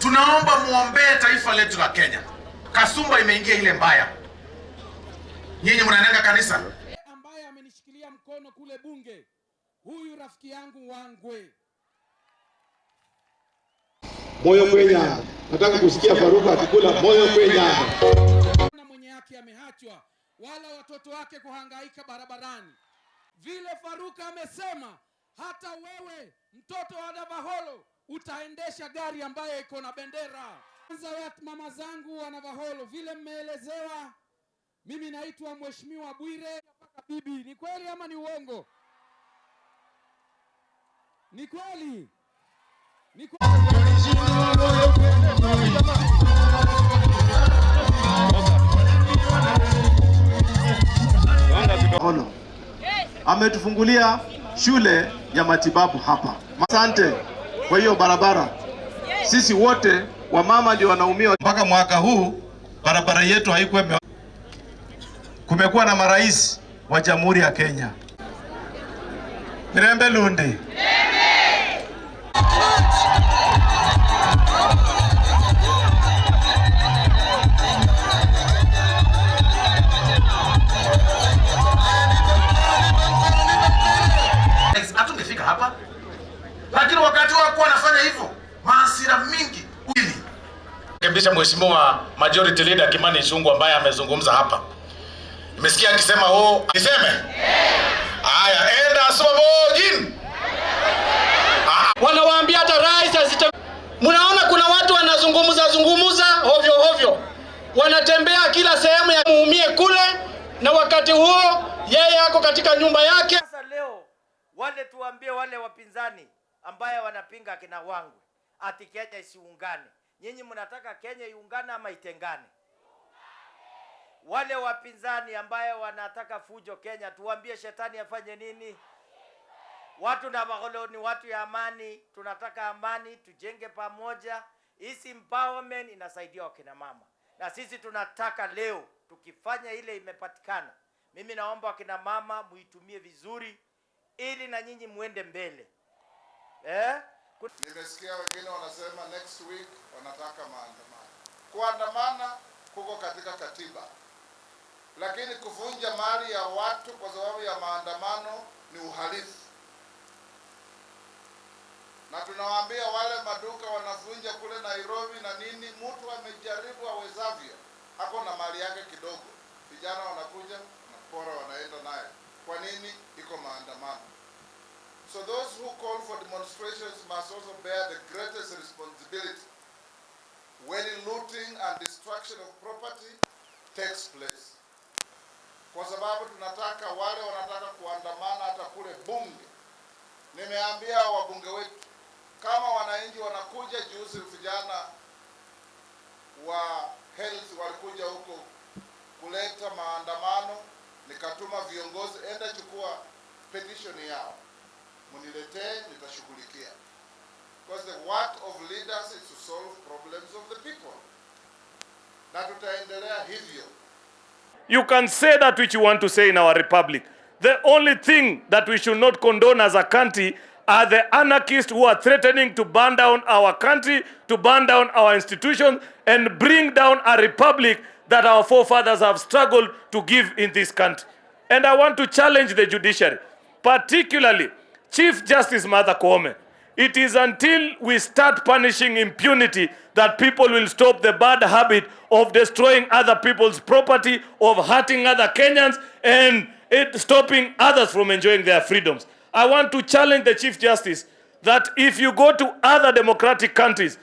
Tunaomba muombee taifa letu la Kenya. Kasumba imeingia ile mbaya. Nyinyi mnaenanga kanisa ambaye amenishikilia mkono kule bunge, huyu rafiki yangu Wangwe moyo kwenya Nataka kusikia Faruku akikula moyo kwenyana. Na mwenye yake amehachwa wala watoto wake kuhangaika barabarani. Vile Faruku amesema, hata wewe mtoto wa Navaholo utaendesha gari ambayo iko na bendera. Kwanza ya mama zangu wa Navaholo, vile mmeelezewa, mimi naitwa Mheshimiwa Bwire mpaka bibi. Ni kweli ama ni uongo? Ni kweli. ametufungulia shule ya matibabu hapa. Asante kwa hiyo barabara. Sisi wote mama ndio wanaumia. Mpaka mwaka huu barabara yetu haikuwa me... kumekuwa na marais wa Jamhuri ya Kenya. Mirembe Lundi. Mheshimiwa Majority Leader Kimani Ichung'wah ambaye amezungumza hapa. Nimesikia akisema ho oh, niseme haya yeah. Enda asema mojini yeah. Ah. Wanawaambia hata rais azita. Mnaona kuna watu wanazungumza zungumza ovyo ovyo, wanatembea kila sehemu ya muumie kule, na wakati huo yeye ako katika nyumba yake. Sasa leo wale tuambie wale wapinzani ambaye wanapinga kina wangu ati Kenya isiungane nyinyi mnataka Kenya iungane ama itengane? Wale wapinzani ambayo wanataka fujo Kenya, tuwambie shetani afanye nini? Watu na wakoloni, watu ya amani, tunataka amani, tujenge pamoja. Hisi empowerment inasaidia wakina mama, na sisi tunataka leo tukifanya ile imepatikana. Mimi naomba wakina mama muitumie vizuri, ili na nyinyi muende mbele eh? Nimesikia wengine wanasema next week wanataka maandamano. Kuandamana kuko katika katiba, lakini kuvunja mali ya watu kwa sababu ya maandamano ni uhalifu, na tunawaambia wale maduka wanavunja kule Nairobi na nini, mtu amejaribu awezavyo, ako na mali yake kidogo, vijana wanakuja wanapora, wanaenda naye. Kwa nini iko maandamano? So those who call for demonstrations must also bear the greatest responsibility when looting and destruction of property takes place, kwa sababu tunataka wale wanataka kuandamana hata kule bunge. Nimeambia wabunge wetu kama wananchi wanakuja, juzi vijana wa health walikuja huko kuleta maandamano, nikatuma viongozi, enda chukua petition yao muniletee, nitashughulikia. Because the work of leaders is to solve problems of the people, na tutaendelea hivyo. You can say that which you want to say in our republic. The only thing that we should not condone as a country are the anarchists who are threatening to burn down our country, to burn down our institutions, and bring down a republic that our forefathers have struggled to give in this country. And I want to challenge the judiciary, particularly Chief Justice Martha Koome, it is until we start punishing impunity that people will stop the bad habit of destroying other people's property, of hurting other Kenyans, and stopping others from enjoying their freedoms. I want to challenge the Chief Justice that if you go to other democratic countries,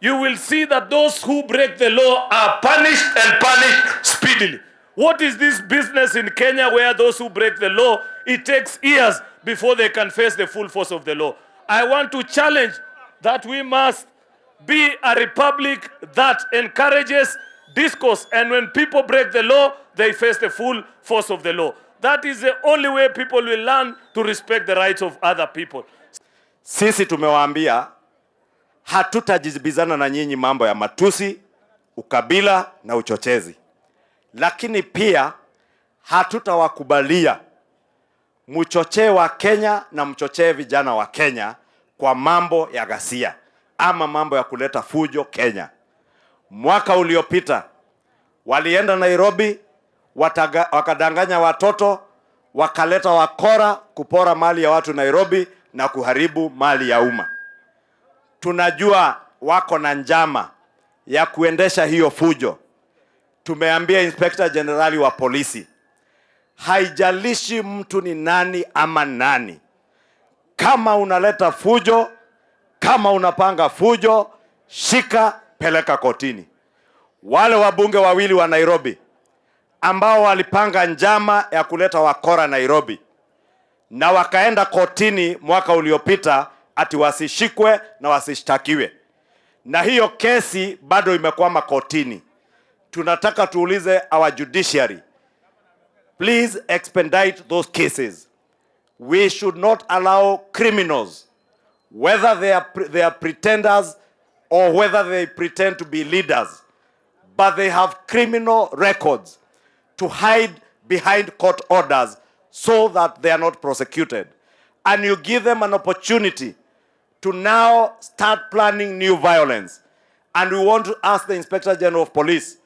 you will see that those who break the law are punished and punished speedily. What is this business in Kenya where those who break the law, it takes years before they can face the full force of the law? I want to challenge that we must be a republic that encourages discourse, and when people break the law, they face the full force of the law. That is the only way people will learn to respect the rights of other people. Sisi tumewaambia hatutajibizana na nyinyi mambo ya matusi, ukabila na uchochezi lakini pia hatutawakubalia mchochee wa Kenya na mchochee vijana wa Kenya kwa mambo ya ghasia ama mambo ya kuleta fujo Kenya. Mwaka uliopita walienda Nairobi wataga, wakadanganya watoto wakaleta wakora kupora mali ya watu Nairobi na kuharibu mali ya umma. Tunajua wako na njama ya kuendesha hiyo fujo. Tumeambia Inspector Generali wa polisi, haijalishi mtu ni nani ama nani, kama unaleta fujo, kama unapanga fujo, shika, peleka kotini. Wale wabunge wawili wa Nairobi ambao walipanga njama ya kuleta wakora Nairobi na wakaenda kotini mwaka uliopita ati wasishikwe na wasishtakiwe, na hiyo kesi bado imekwama kotini tunataka tuulize our judiciary, please expedite those cases. We should not allow criminals whether they are, they are pretenders or whether they pretend to be leaders, but they have criminal records to hide behind court orders so that they are not prosecuted. And you give them an opportunity to now start planning new violence. And we want to ask the Inspector General of Police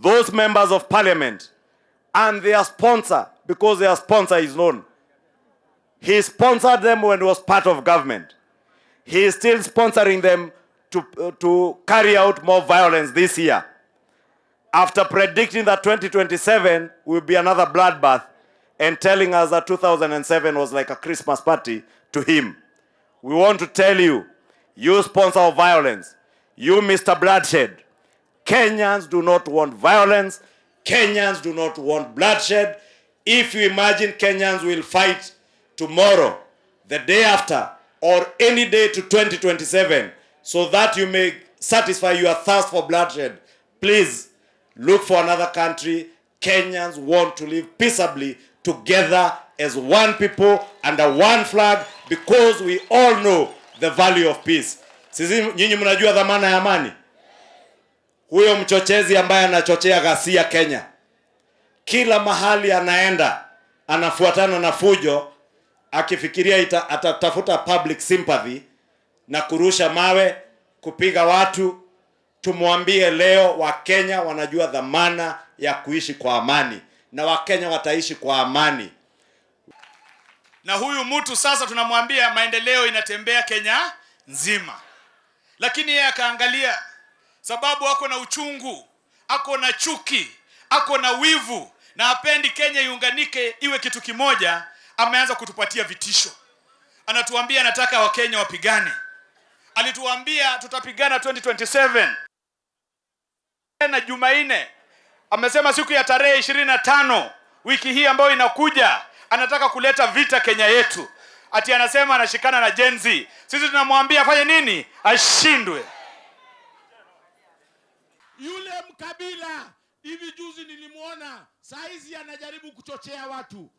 those members of parliament and their sponsor, because their sponsor is known. He sponsored them when he was part of government. He is still sponsoring them to, uh, to carry out more violence this year. After predicting that 2027 will be another bloodbath and telling us that 2007 was like a Christmas party to him. We want to tell you, you sponsor violence, you Mr. Bloodshed, Kenyans do not want violence. Kenyans do not want bloodshed. If you imagine Kenyans will fight tomorrow, the day after, or any day to 2027, so that you may satisfy your thirst for bloodshed, please look for another country. Kenyans want to live peaceably together as one people under one flag because we all know the value of peace. Sisi nyinyi mnajua dhamana ya amani huyo mchochezi ambaye anachochea ghasia Kenya, kila mahali anaenda anafuatana na fujo, akifikiria ita, atatafuta public sympathy na kurusha mawe, kupiga watu. Tumwambie leo, Wakenya wanajua dhamana ya kuishi kwa amani na Wakenya wataishi kwa amani. Na huyu mtu sasa tunamwambia maendeleo inatembea Kenya nzima, lakini yeye akaangalia sababu ako na uchungu, ako na chuki, ako na wivu na apendi Kenya iunganike iwe kitu kimoja. Ameanza kutupatia vitisho, anatuambia anataka Wakenya wapigane. Alituambia tutapigana 2027 na Jumanne amesema siku ya tarehe ishirini na tano wiki hii ambayo inakuja anataka kuleta vita Kenya yetu, ati anasema anashikana na jenzi. Sisi tunamwambia afanye nini? Ashindwe. Yule mkabila hivi juzi nilimwona, saa hizi anajaribu kuchochea watu.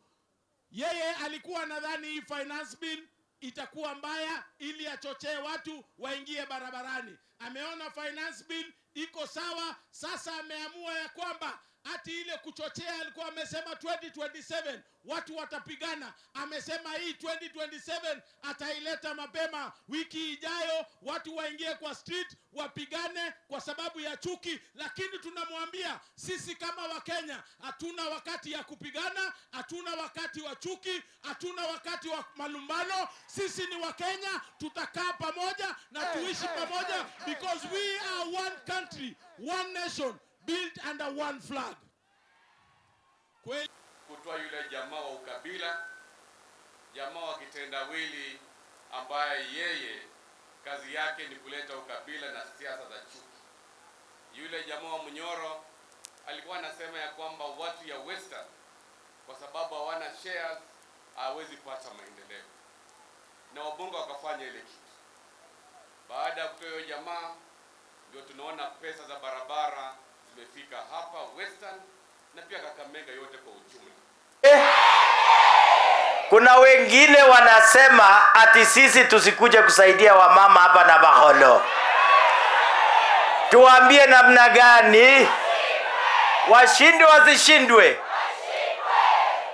Yeye alikuwa nadhani hii finance bill itakuwa mbaya ili achochee watu waingie barabarani. Ameona finance bill iko sawa, sasa ameamua ya kwamba Ati ile kuchochea alikuwa amesema 2027 watu watapigana, amesema hii 2027 ataileta mapema, wiki ijayo watu waingie kwa street wapigane kwa sababu ya chuki. Lakini tunamwambia sisi kama Wakenya hatuna wakati ya kupigana, hatuna wakati wa chuki, hatuna wakati wa malumbano. Sisi ni Wakenya, tutakaa pamoja na tuishi pamoja because we are one country, one nation built under one flag. kutoa yule jamaa wa ukabila, jamaa wa kitendawili ambaye yeye kazi yake ni kuleta ukabila na siasa za chuki. Yule jamaa wa Mnyoro alikuwa anasema ya kwamba watu ya Western kwa sababu hawana shares hawezi pata maendeleo, na wabunge wakafanya ile kitu. Baada ya kutoa hiyo jamaa, ndio tunaona pesa za barabara tumefika hapa Western na pia Kakamega yote kwa ujumla. Eh, kuna wengine wanasema ati sisi tusikuje kusaidia wamama hapa na Baholo. Tuambie namna gani? Washindwe wasishindwe?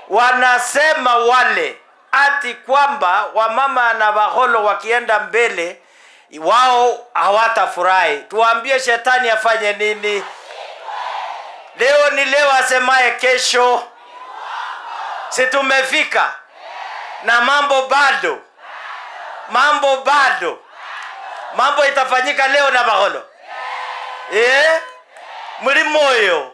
Wanasema wale ati kwamba wamama na Baholo wakienda mbele wao hawatafurahi. Tuambie shetani afanye nini? Leo ni leo, asemaye kesho si tumefika na mambo bado, mambo bado, mambo itafanyika leo na maholo eh moyo